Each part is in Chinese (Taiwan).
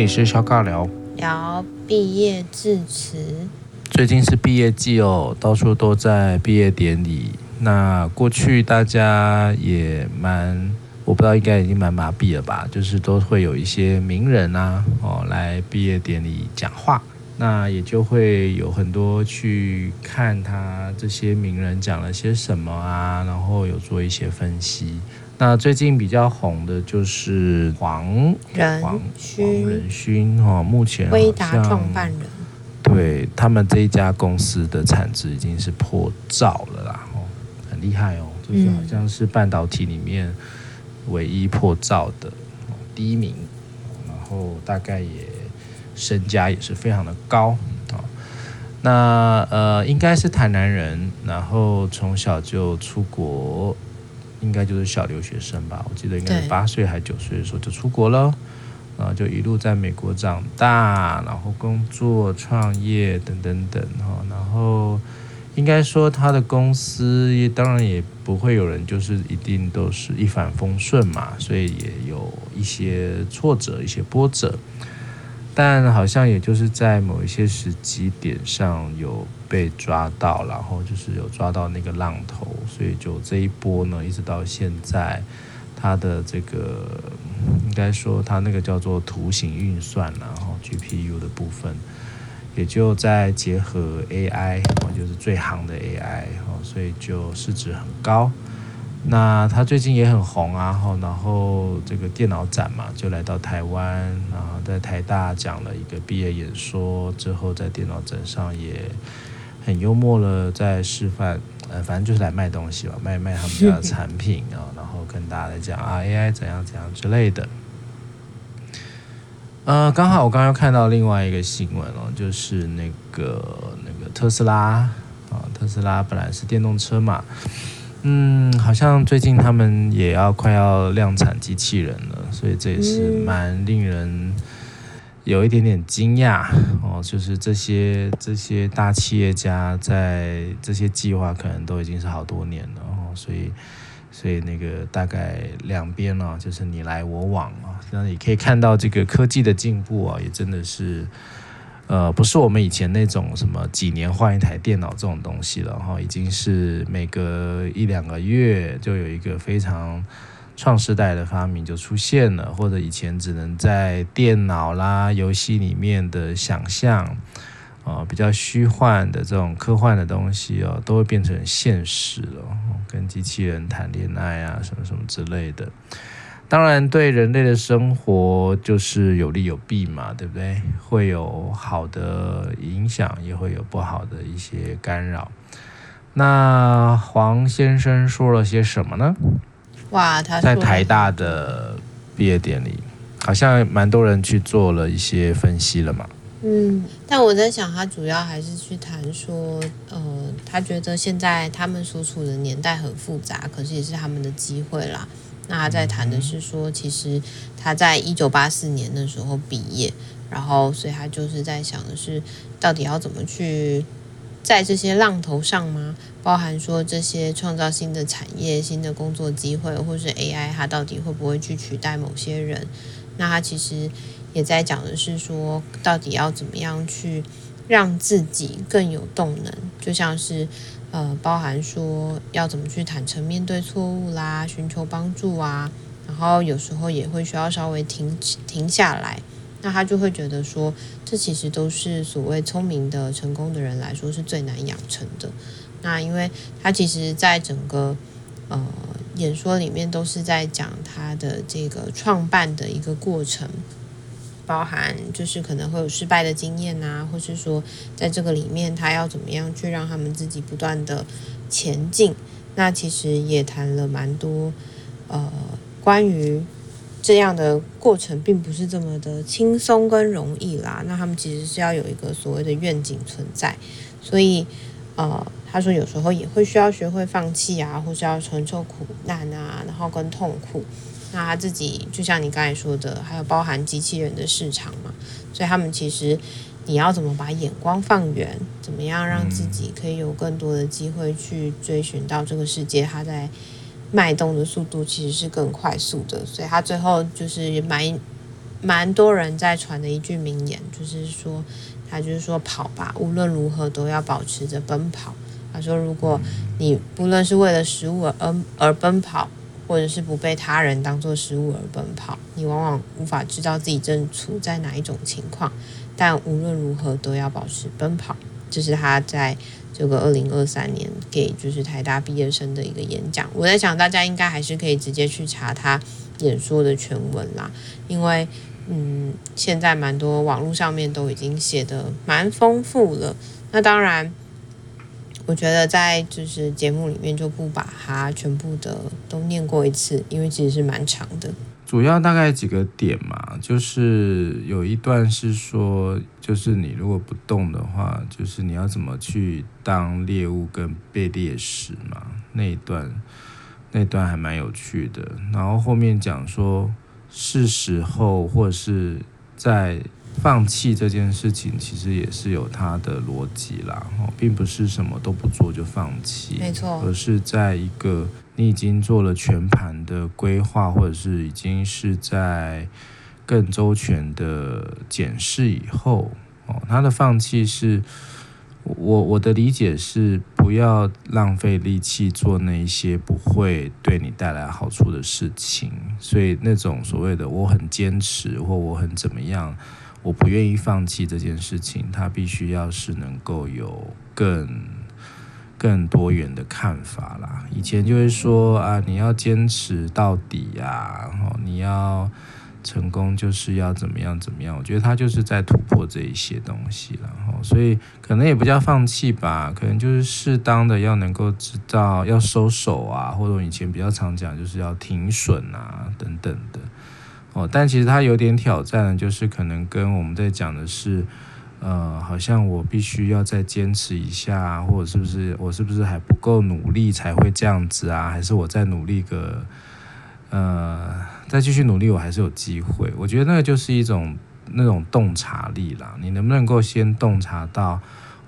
你是肖尬聊聊畢業致辭。最近是畢業季哦，到處都在畢業典禮。那過去大家也蠻……我不知道，應該已經蠻麻痹了吧？就是都會有一些名人啊，哦，來畢業典禮講話，那也就會有很多去看他這些名人講了些什麼啊，然後有做一些分析。那最近比較紅的就是黃、黃，黃仁勳哈、哦，目前好像人對，他們這一家公司的產值已經是破兆了啦，哦，很厲害哦，就是好像是半導體裡面唯一破兆的，嗯、第一名，然後大概也身家也是非常的高啊、嗯哦，那呃應該是台南人，然後從小就出國。應該就是小留學生吧，我記得應該是八歲還是九歲的時候就出國了，對然後就一路在美國長大，然後工作、創業等等等哈，然後應該說他的公司也當然也不會有人就是一定都是一帆風順嘛，所以也有一些挫折、一些波折。但好像也就是在某一些時機點上有被抓到，然後就是有抓到那個浪頭，所以就這一波呢，一直到現在，它的這個應該說它那個叫做圖形運算，然後 G P U 的部分，也就在結合 A I，就是最夯的 A I，哦，所以就市值很高。那他最近也很紅啊，然後這個電腦展嘛，就來到台灣，然後在台大講了一個畢業演說，之後在電腦展上也很幽默了，在示範，呃，反正就是來賣東西吧，賣賣他們家的產品啊，是然後跟大家來講啊 AI 怎樣怎樣之類的。呃，剛好我剛剛又看到另外一個新聞哦，就是那個那個特斯拉啊，哦，特斯拉本來是電動車嘛。嗯，好像最近他們也要快要量產機器人了，所以這也是蠻令人有一點點驚訝哦。就是這些這些大企業家在這些計劃可能都已經是好多年了哦，所以所以那個大概兩邊呢，哦，就是你來我往啊，那你可以看到這個科技的進步啊，哦，也真的是。呃，不是我們以前那種什麼幾年換一台電腦這種東西了哈，已經是每隔一兩個月就有一個非常創世代的發明就出現了，或者以前只能在電腦啦遊戲裡面的想象，啊、呃，比較虛幻的這種科幻的東西哦，都會變成現實了，跟機器人談戀愛啊，什麼什麼之類的。當然，對人類的生活就是有利有弊嘛，對不對？會有好的影響，也會有不好的一些干擾。那黃先生說了些什麼呢？哇，他在台大的畢業典禮，好像蠻多人去做了一些分析了嘛。嗯，但我在想，他主要還是去談說，呃，他覺得現在他們所處的年代很複雜，可是也是他們的機會啦。那他在談的是說，其實他在一九八四年的時候畢業，然後所以他就是在想的是，到底要怎麼去在這些浪頭上嗎？包含說這些創造新的產業、新的工作機會，或是 AI，他到底會不會去取代某些人？那他其實也在講的是說，到底要怎麼樣去讓自己更有動能，就像是。呃，包含說要怎麼去坦誠面對錯誤啦，尋求幫助啊，然後有時候也會需要稍微停停下來，那他就會覺得說，這其實都是所謂聰明的成功的人來說是最難養成的，那因為他其實在整個呃演說裡面都是在講他的這個創辦的一個過程。包含就是可能會有失敗的經驗吶、啊，或是說在這個裡面他要怎麼樣去讓他們自己不斷的前進。那其實也談了蠻多，呃，關於這樣的過程並不是這麼的輕鬆跟容易啦。那他們其實是要有一個所謂的願景存在，所以呃。他說：“有時候也會需要學會放棄啊，或是要承受苦難啊，然後跟痛苦。那他自己就像你剛才說的，還有包含機器人的市場嘛。所以他們其實，你要怎麼把眼光放遠，怎麼樣讓自己可以有更多的機會去追尋到這個世界，它在脈動的速度其實是更快速的。所以他最後就是蠻蠻多人在傳的一句名言，就是說他就是說跑吧，無論如何都要保持着奔跑。”他說：“如果你不論是為了食物而奔跑，或者是不被他人當作食物而奔跑，你往往無法知道自己正處在哪一種情況。但無論如何，都要保持奔跑。就”這是他在這個二零二三年給就是台大畢業生的一個演講。我在想，大家應該還是可以直接去查他演說的全文啦，因為嗯，現在蠻多網絡上面都已經寫得蠻豐富了。那當然。我覺得在就是節目裡面就不把它全部的都念過一次，因為其實是蠻長的。主要大概幾個點嘛，就是有一段是說，就是你如果不動的話，就是你要怎麼去當獵物跟被獵食嘛，那一段，那段還蠻有趣的。然後後面講說，是時候，或者是在。放棄這件事情其實也是有它的邏輯啦，並不是什麼都不做就放棄，沒錯，而是在一個你已經做了全盤的規劃，或者是已經是在更周全的檢視以後，哦，他的放棄是我，我的理解是不要浪費力氣做那一些不會對你帶來好處的事情，所以那種所謂的我很堅持或我很怎麼樣。我不願意放棄這件事情，他必須要是能夠有更更多元的看法啦。以前就會說啊，你要堅持到底呀，啊，然後你要成功就是要怎麼樣怎麼樣。我覺得他就是在突破這一些東西，然後所以可能也不叫放棄吧，可能就是適當的要能夠知道要收手啊，或者我以前比較常講就是要停損啊等等的。哦，但其實它有點挑戰，就是可能跟我們在講的是，呃，好像我必須要再堅持一下啊，或者是不是我是不是還不夠努力才會這樣子啊？還是我再努力個，呃，再繼續努力，我還是有機會。我覺得那個就是一種那種洞察力啦。你能不能夠先洞察到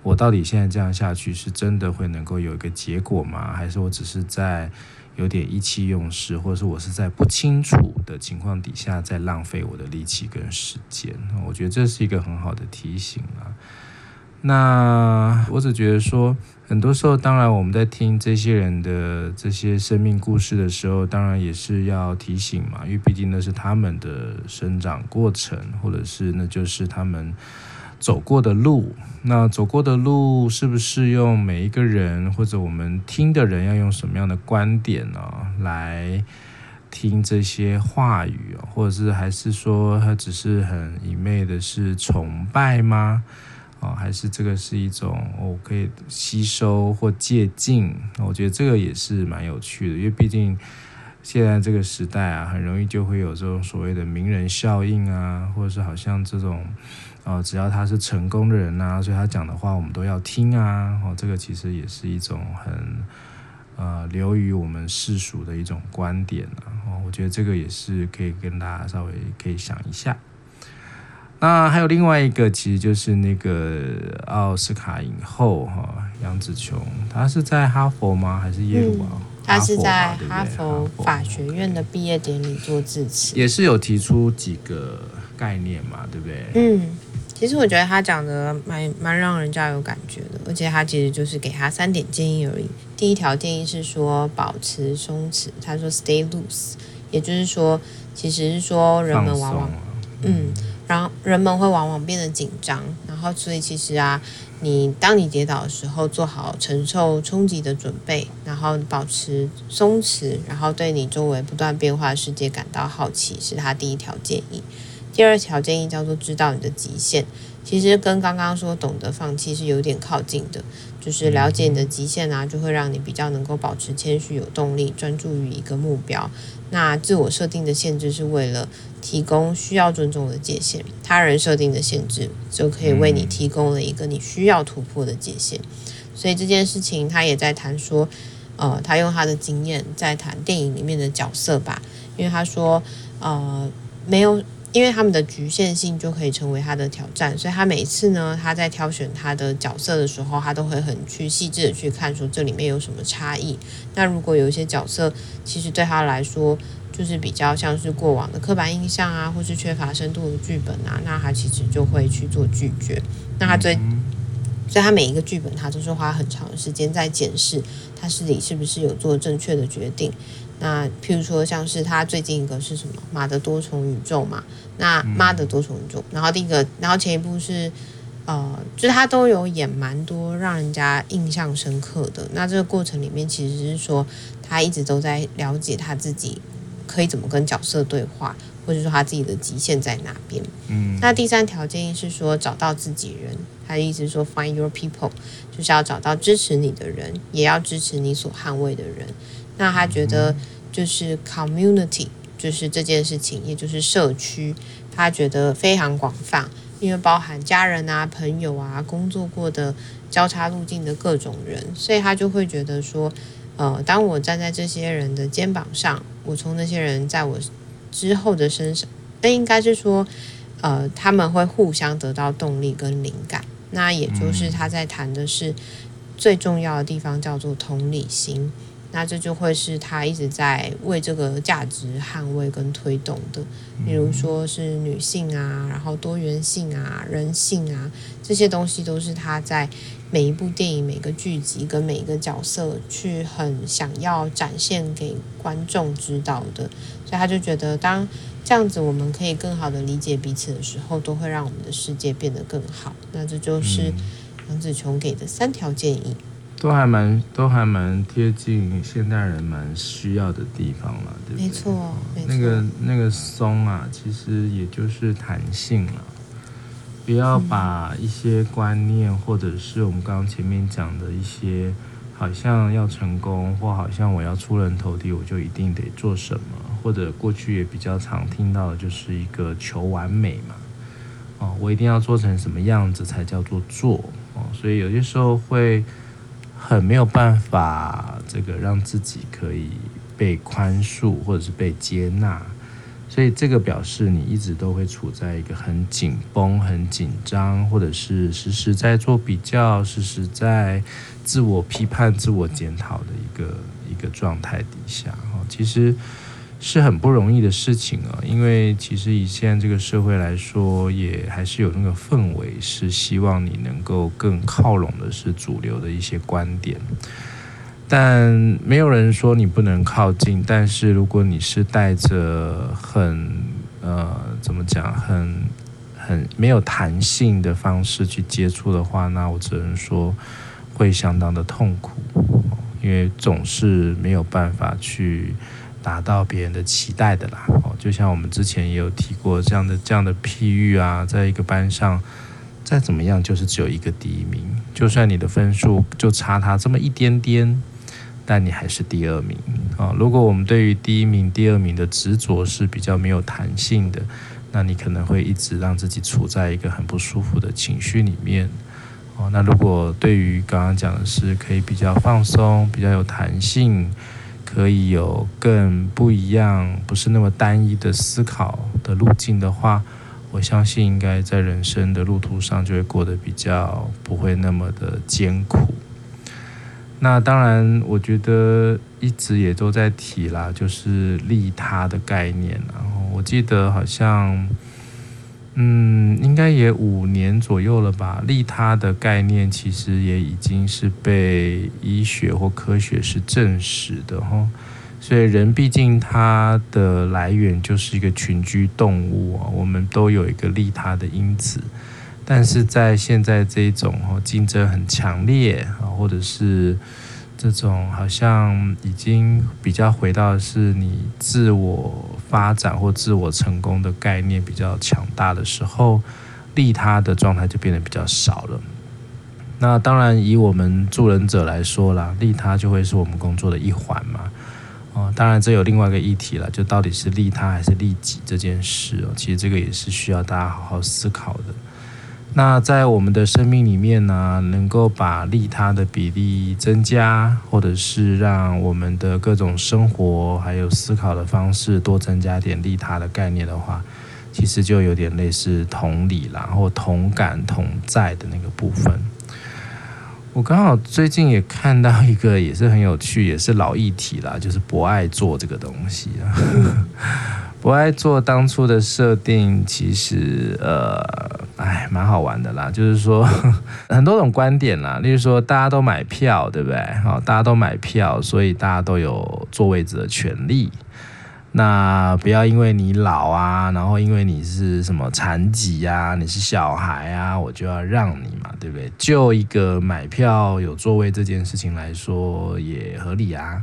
我到底現在這樣下去是真的會能夠有一個結果嗎？還是我只是在？有點意氣用事，或者是我是在不清楚的情況底下在浪費我的力氣跟時間，我覺得這是一個很好的提醒啊。那我只覺得說，很多時候，當然我們在聽這些人的這些生命故事的時候，當然也是要提醒嘛，因為畢竟那是他們的生長過程，或者是那就是他們。走過的路，那走過的路是不是用每一個人或者我們聽的人要用什麼樣的觀點呢、哦、來聽這些話語、哦，或者是還是說他只是很一味的是崇拜嗎？啊、哦，還是這個是一種、哦、我可以吸收或借鑒？我覺得這個也是蠻有趣的，因為畢竟現在這個時代啊，很容易就會有這種所謂的名人效應啊，或者是好像這種。哦，只要他是成功的人吶、啊，所以他講的話我們都要聽啊。哦，這個其實也是一種很呃流於我們世俗的一種觀點、啊、哦，我覺得這個也是可以跟大家稍微可以想一下。那還有另外一個，其實就是那個奧斯卡影后哈楊紫瓊，她、哦、是在哈佛嗎？還是耶魯啊？她、嗯、是在哈佛，對對哈佛法學院的畢業典禮做致辭，也是有提出幾個。概念嘛，對不對？嗯，其實我覺得他講的蠻蠻讓人家有感覺的，而且他其實就是給他三點建議而已。第一條建議是說保持鬆弛，他說 “stay loose”，也就是說，其實是說人們往往，啊、嗯，然後人們會往往變得緊張，然後所以其實啊，你當你跌倒的時候，做好承受衝擊的準備，然後保持鬆弛，然後對你周圍不斷變化的世界感到好奇，是他第一條建議。第二條建議叫做知道你的極限，其實跟剛剛說懂得放棄是有點靠近的，就是了解你的極限啊，就會讓你比較能夠保持謙虛、有動力、專注於一個目標。那自我設定的限制是為了提供需要尊重的界限，他人設定的限制就可以為你提供了一個你需要突破的界限。所以這件事情他也在談說，呃，他用他的經驗在談電影裡面的角色吧，因為他說，呃，沒有。因為他們的局限性就可以成為他的挑戰，所以他每次呢，他在挑選他的角色的時候，他都會很去細緻的去看，說這裡面有什麼差異。那如果有一些角色，其實對他來說就是比較像是過往的刻板印象啊，或是缺乏深度的劇本啊，那他其實就會去做拒絕。那他最、嗯嗯。所以他每一個劇本，他都是花很長的時間在檢視他自己是不是有做正確的決定。那譬如說，像是他最近一個是什麼《媽的多重宇宙》嘛，那《媽的多重宇宙》，嗯、然後第一個，然後前一部是，呃，就是他都有演蠻多讓人家印象深刻的。那這個過程裡面，其實是說他一直都在了解他自己可以怎麼跟角色對話，或者說他自己的極限在哪邊。嗯。那第三條建議是說，找到自己人。他一直說 “find your people”，就是要找到支持你的人，也要支持你所捍衛的人。那他覺得就是 community，就是這件事情，也就是社區，他覺得非常廣泛，因為包含家人啊、朋友啊、工作過的交叉路徑的各種人，所以他就會覺得說，呃，當我站在這些人的肩膀上，我從那些人在我之後的身上，那應該是說，呃，他們會互相得到動力跟靈感。那也就是他在談的是最重要的地方叫做同理心，那這就會是他一直在為這個價值捍衛跟推動的，比如說是女性啊，然後多元性啊，人性啊，這些東西都是他在每一部電影、每個劇集跟每一個角色去很想要展現給觀眾知道的，所以他就覺得當這樣子我們可以更好的理解彼此的時候，都會讓我們的世界變得更好。那這就是楊紫瓊給的三條建議，嗯、都還蠻都還蠻貼近現代人蠻需要的地方了，對不對？沒錯、那個，那個那個鬆啊，其實也就是彈性了、啊，不要把一些觀念，嗯、或者是我們剛剛前面講的一些，好像要成功或好像我要出人頭地，我就一定得做什麼。或者過去也比較常聽到的就是一個求完美嘛，哦，我一定要做成什麼樣子才叫做做哦，所以有些時候會很沒有辦法，這個讓自己可以被寬恕或者是被接納，所以這個表示你一直都會處在一個很緊繃、很緊張，或者是時時在做比較，時時在自我批判、自我檢討的一個一個狀態底下哦，其實。是很不容易的事情啊、哦，因為其實以現在這個社會來說，也還是有那個氛圍，是希望你能夠更靠攏的，是主流的一些觀點。但沒有人說你不能靠近，但是如果你是帶着很呃怎麼講，很很沒有彈性的方式去接觸的話，那我只能說會相當的痛苦，因為總是沒有辦法去。達到別人的期待的啦，哦，就像我們之前也有提過這樣的這樣的譬喻啊，在一個班上再怎麼樣就是只有一個第一名，就算你的分數就差他這麼一點點，但你還是第二名啊。如果我們對於第一名、第二名的執着是比較沒有彈性的，那你可能會一直讓自己處在一個很不舒服的情緒裡面哦。那如果對於剛剛講的是可以比較放鬆、比較有彈性，可以有更不一樣，不是那麼單一的思考的路徑的話，我相信應該在人生的路途上就會過得比較不會那麼的艱苦。那當然，我覺得一直也都在提啦，就是利他的概念。然後我記得好像。嗯，應該也五年左右了吧。利他的概念其實也已經是被醫學或科學是證實的哈。所以人畢竟它的來源就是一個群居動物啊，我們都有一個利他的因子。但是在現在這種競爭很強烈啊，或者是。這種好像已經比較回到是你自我發展或自我成功的概念比較強大的時候，利他的狀態就變得比較少了。那當然，以我們助人者來說啦，利他就會是我們工作的一環嘛。哦，當然，這有另外一個議題了，就到底是利他還是利己這件事哦，其實這個也是需要大家好好思考的。那在我們的生命裡面呢、啊，能夠把利他的比例增加，或者是讓我們的各種生活還有思考的方式多增加點利他的概念的話，其實就有點類似同理，然後同感同在的那個部分。我剛好最近也看到一個也是很有趣，也是老議題了，就是博愛座這個東西。博 愛座當初的設定，其實呃。哎，蠻好玩的啦，就是說很多種觀點啦，例如說大家都買票，對不對？好，大家都買票，所以大家都有座位子的權利。那不要因為你老啊，然後因為你是什麼殘疾呀，你是小孩啊，我就要讓你嘛，對不對？就一個買票有座位這件事情來說，也合理啊。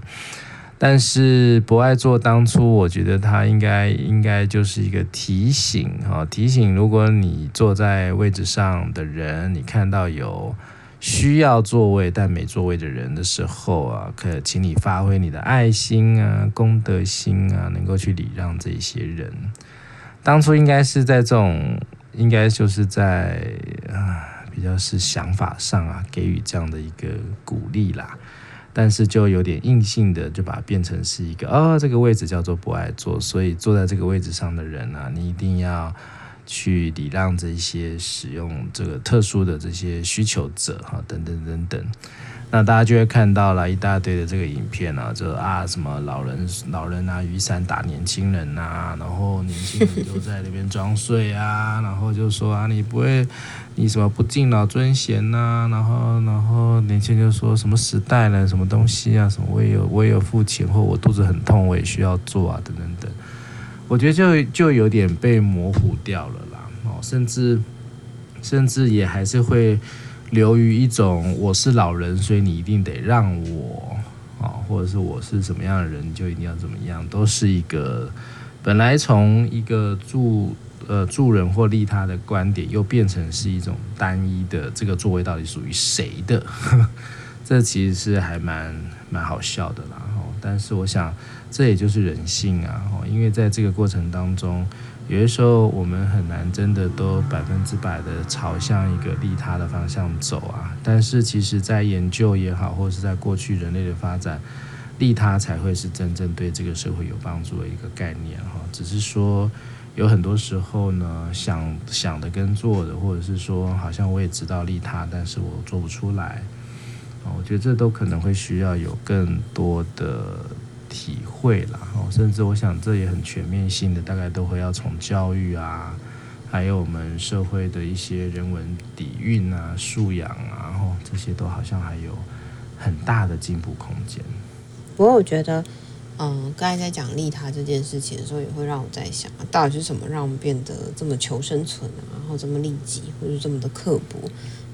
但是博愛座，當初我覺得他應該應該就是一個提醒啊，提醒如果你坐在位置上的人，你看到有需要座位但沒座位的人的時候啊，可請你發揮你的愛心啊、公德心啊，能夠去禮讓這些人。當初應該是在這種，應該就是在啊，比較是想法上啊，給予這樣的一個鼓勵啦。但是就有點硬性的，就把它變成是一個哦，這個位置叫做博愛座，所以坐在這個位置上的人呢、啊，你一定要去禮讓這些使用這個特殊的這些需求者哈、啊，等等等等。那大家就會看到了一大堆的這個影片啊，就啊什麼老人老人拿雨傘打年輕人吶、啊，然後年輕人就在那邊裝睡啊， 然後就說啊你不會，你什麼不敬老尊賢吶、啊，然後然後年輕人就說什麼時代了什麼東西啊，什麼我也有我也有父親，或我肚子很痛，我也需要做啊等等等，我覺得就就有點被模糊掉了啦，哦，甚至甚至也還是會。流於一種我是老人，所以你一定得讓我啊，或者是我是什麼樣的人，就一定要怎麼樣，都是一個本來從一個助呃助人或利他的觀點，又變成是一種單一的這個座位到底屬於誰的， 這其實是還蠻蠻好笑的啦。然後但是我想。這也就是人性啊！哦，因為在這個過程當中，有的時候我們很難真的都百分之百的朝向一個利他的方向走啊。但是，其實，在研究也好，或者是在過去人類的發展，利他才會是真正對這個社會有幫助的一個概念。哈，只是說有很多時候呢，想想的跟做的，或者是說好像我也知道利他，但是我做不出來啊。我覺得這都可能會需要有更多的。體會啦，然後甚至我想，這也很全面性的，大概都會要從教育啊，還有我們社會的一些人文底蘊啊、素養啊，然後、哦、這些都好像還有很大的進步空間。不過我覺得，嗯、呃，剛才在講利他這件事情的時候，也會讓我在想，到底是什麼讓我們變得這麼求生存、啊，然後這麼利己，或是這麼的刻薄？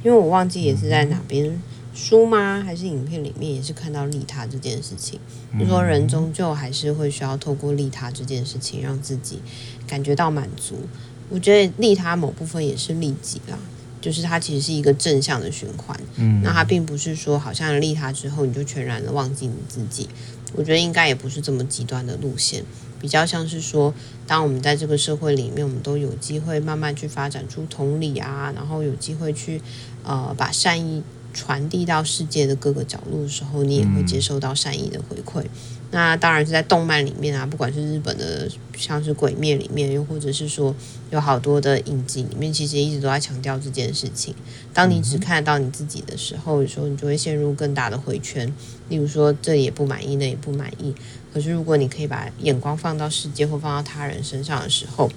因為我忘記也是在哪邊書嗎，還是影片裡面也是看到利他這件事情，就說人終究還是會需要透過利他這件事情讓自己感覺到滿足。我覺得利他某部分也是利己啦，就是它其實是一個正向的循環。嗯，那它並不是說好像利他之後你就全然的忘記你自己，我覺得應該也不是這麼極端的路線。比較像是說，當我們在這個社會裡面，我們都有機會慢慢去發展出同理啊，然後有機會去，呃，把善意，傳遞到世界的各個角落的時候，你也會接收到善意的回饋。嗯。那當然是在動漫裡面啊，不管是日本的，像是鬼滅裡面，又或者是說有好多的影集裡面，其實一直都在強調這件事情。當你只看得到你自己的時候，有時候你就會陷入更大的回圈。例如說，這也不滿意，那也不滿意。可是如果你可以把眼光放到世界或放到他人身上的時候，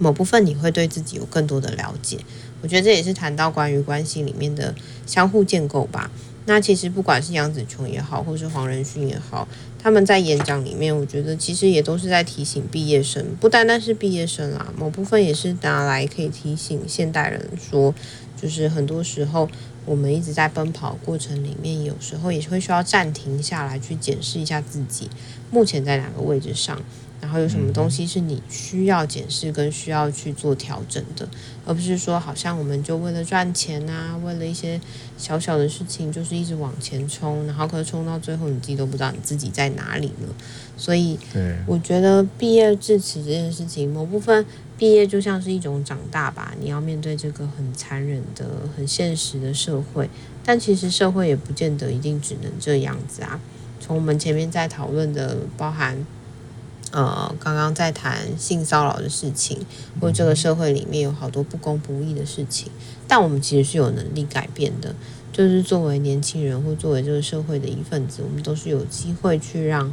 某部分你會對自己有更多的了解。我覺得這也是談到關於關係裡面的相互建構吧。那其實不管是楊紫瓊也好，或是黃仁勳也好，他們在演講裡面，我覺得其實也都是在提醒畢業生，不單單是畢業生啦，某部分也是拿來可以提醒現代人說，就是很多時候我們一直在奔跑的過程裡面，有時候也會需要暫停下來去檢視一下自己目前在哪個位置上。然後有什麼東西是你需要檢視跟需要去做調整的，而不是說好像我們就為了賺錢啊，為了一些小小的事情就是一直往前衝，然後可衝到最後你自己都不知道你自己在哪裡了。所以，對，我覺得畢業致辭這件事情，某部分畢業就像是一種長大吧，你要面對這個很殘忍的、很現實的社會。但其實社會也不見得一定只能這樣子啊。從我們前面在討論的，包含。呃，剛剛在談性騷擾的事情，或這個社會裡面有好多不公不義的事情，但我們其實是有能力改變的。就是作為年輕人，或作為這個社會的一份子，我們都是有機會去讓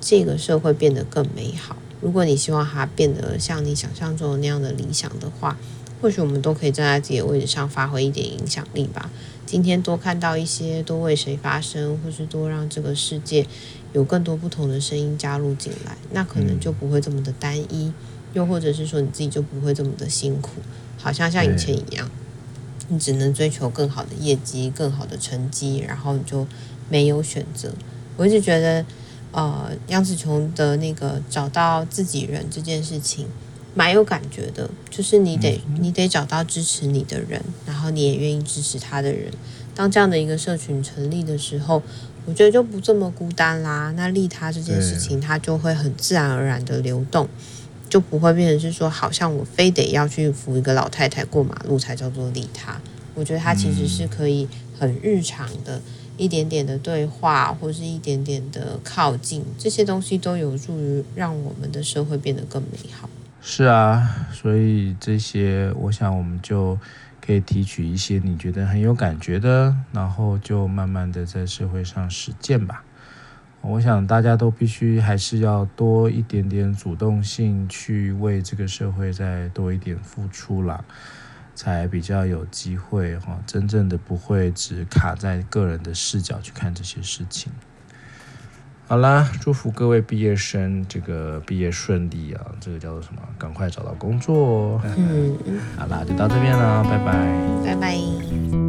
這個社會變得更美好。如果你希望它變得像你想象中的那樣的理想的話，或許我們都可以站在自己的位置上發揮一點影響力吧。今天多看到一些，多為誰發聲，或是多讓這個世界，有更多不同的聲音加入進來，那可能就不會這麼的單一，嗯、又或者是說你自己就不會這麼的辛苦，好像像以前一樣，嗯、你只能追求更好的業績、更好的成績，然後你就沒有選擇。我一直覺得，呃，楊紫瓊的那個找到自己人這件事情，蠻有感覺的，就是你得、嗯、你得找到支持你的人，然後你也願意支持他的人。當這樣的一個社群成立的時候。我覺得就不這麼孤單啦。那利他這件事情，它就會很自然而然的流動，對就不會變成是說，好像我非得要去扶一個老太太過馬路才叫做利他。我覺得它其實是可以很日常的，嗯、一點點的對話，或是一點點的靠近，這些東西都有助於讓我們的社會變得更美好。是啊，所以這些，我想我們就。可以提取一些你覺得很有感覺的，然後就慢慢的在社會上實踐吧。我想大家都必須還是要多一點點主動性，去為這個社會再多一點付出啦，才比較有機會哈。真正的不會只卡在個人的視角去看這些事情。好啦，祝福各位畢業生，這個畢業順利啊，這個叫做什麼？趕快找到工作。哦。嗯、 好啦，就到這邊啦，拜拜。拜拜。拜拜。